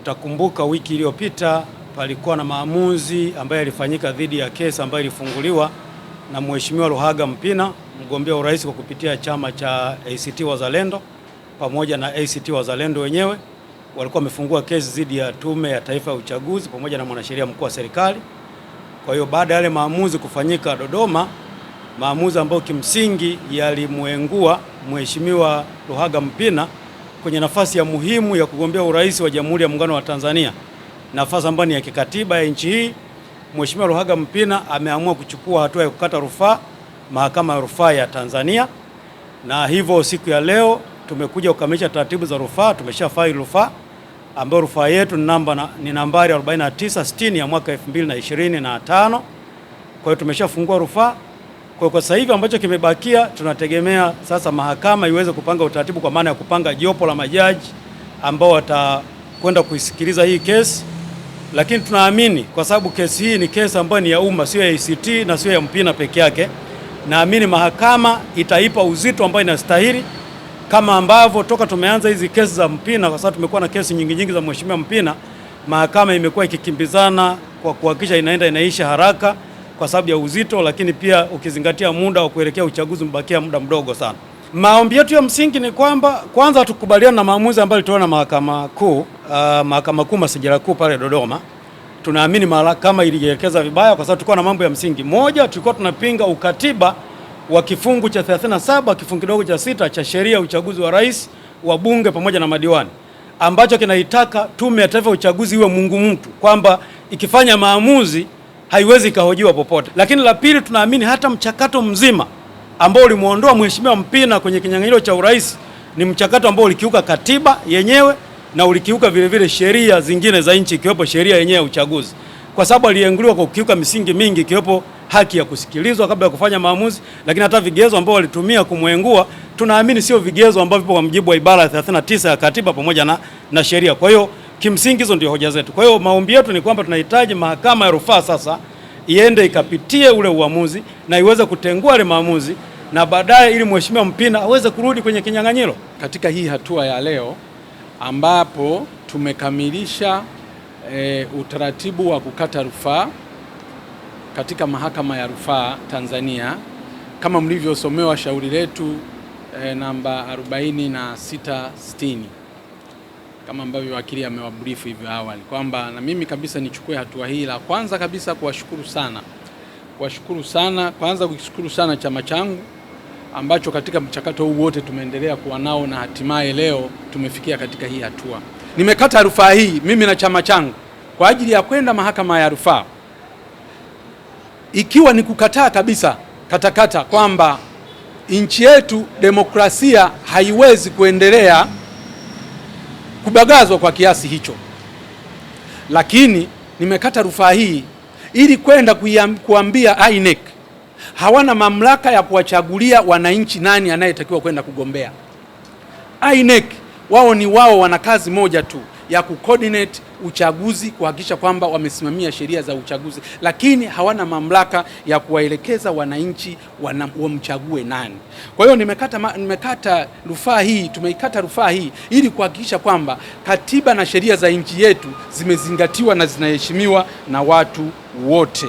Mtakumbuka wiki iliyopita palikuwa na maamuzi ambayo yalifanyika dhidi ya kesi ambayo ilifunguliwa na Mheshimiwa Luhaga Mpina, mgombea urais kwa kupitia chama cha ACT Wazalendo pamoja na ACT Wazalendo wenyewe walikuwa wamefungua kesi dhidi ya Tume ya Taifa ya Uchaguzi pamoja na mwanasheria mkuu wa serikali. Kwa hiyo baada ya yale maamuzi kufanyika Dodoma, maamuzi ambayo kimsingi yalimwengua Mheshimiwa Luhaga Mpina kwenye nafasi ya muhimu ya kugombea urais wa Jamhuri ya Muungano wa Tanzania, nafasi ambayo ni ya kikatiba ya nchi hii, Mheshimiwa Luhaga Mpina ameamua kuchukua hatua ya kukata rufaa Mahakama ya Rufaa ya Tanzania, na hivyo siku ya leo tumekuja kukamilisha taratibu za rufaa. Tumeshafaili rufaa ambayo rufaa yetu ni namba ni nambari 4960 ya mwaka 2025. Kwa hiyo tumeshafungua rufaa. Kwa kwa sasa hivi ambacho kimebakia tunategemea sasa mahakama iweze kupanga utaratibu, kwa maana ya kupanga jopo la majaji ambao watakwenda kuisikiliza hii kesi, lakini tunaamini kwa sababu kesi hii ni kesi ambayo ni ya umma, sio ya ACT na sio ya Mpina peke yake, naamini mahakama itaipa uzito ambao inastahili, kama ambavyo toka tumeanza hizi kesi za Mpina, kwa sababu tumekuwa na kesi nyingi nyingi za mheshimiwa Mpina, mahakama imekuwa ikikimbizana kwa kuhakikisha inaenda inaisha haraka kwa sababu ya uzito, lakini pia ukizingatia muda wa kuelekea uchaguzi umebakia muda mdogo sana. Maombi yetu ya msingi ni kwamba kwanza tukubaliane na maamuzi ambayo ilitolewa na mahakama kuu, uh, mahakama kuu masijara kuu pale Dodoma. Tunaamini mahakama ilielekeza vibaya, kwa sababu tulikuwa na mambo ya msingi. Moja, tulikuwa tunapinga ukatiba wa kifungu cha 37 kifungu kidogo cha sita cha sheria ya uchaguzi wa rais wa bunge pamoja na madiwani ambacho kinaitaka Tume ya Taifa ya Uchaguzi iwe Mungu mtu, kwamba ikifanya maamuzi haiwezi ikahojiwa popote. Lakini la pili, tunaamini hata mchakato mzima ambao ulimwondoa Mheshimiwa Mpina kwenye kinyang'anyiro cha urais ni mchakato ambao ulikiuka katiba yenyewe na ulikiuka vile vile sheria zingine za nchi ikiwepo sheria yenyewe ya uchaguzi, kwa sababu alienguliwa kwa kukiuka misingi mingi ikiwepo haki ya kusikilizwa kabla ya kufanya maamuzi. Lakini hata vigezo ambao walitumia kumwengua tunaamini sio vigezo ambavyo vipo kwa mjibu wa ibara ya 39 ya katiba pamoja na, na sheria. Kwa hiyo Kimsingi hizo ndio hoja zetu. Kwa hiyo maombi yetu ni kwamba tunahitaji mahakama ya rufaa sasa iende ikapitie ule uamuzi na iweze kutengua ile maamuzi na baadaye, ili mheshimiwa Mpina aweze kurudi kwenye kinyang'anyiro. Katika hii hatua ya leo ambapo tumekamilisha e, utaratibu wa kukata rufaa katika mahakama ya rufaa Tanzania kama mlivyosomewa shauri letu e, namba 4660 kama ambavyo wakili amewabrief hivyo awali kwamba na mimi kabisa nichukue hatua hii. La kwanza kabisa kuwashukuru sana, kuwashukuru sana, kwanza kushukuru sana chama changu ambacho katika mchakato huu wote tumeendelea kuwa nao na hatimaye leo tumefikia katika hii hatua. Nimekata rufaa hii mimi na chama changu kwa ajili ya kwenda mahakama ya rufaa, ikiwa ni kukataa kabisa katakata kwamba nchi yetu demokrasia haiwezi kuendelea kubagazwa kwa kiasi hicho, lakini nimekata rufaa hii ili kwenda kuambia INEC hawana mamlaka ya kuwachagulia wananchi nani anayetakiwa kwenda kugombea. INEC wao ni wao, wana kazi moja tu ya kucoordinate uchaguzi kuhakikisha kwamba wamesimamia sheria za uchaguzi, lakini hawana mamlaka ya kuwaelekeza wananchi wamchague nani. Kwa hiyo nimekata, nimekata rufaa hii, tumeikata rufaa hii ili kuhakikisha kwamba katiba na sheria za nchi yetu zimezingatiwa na zinaheshimiwa na watu wote.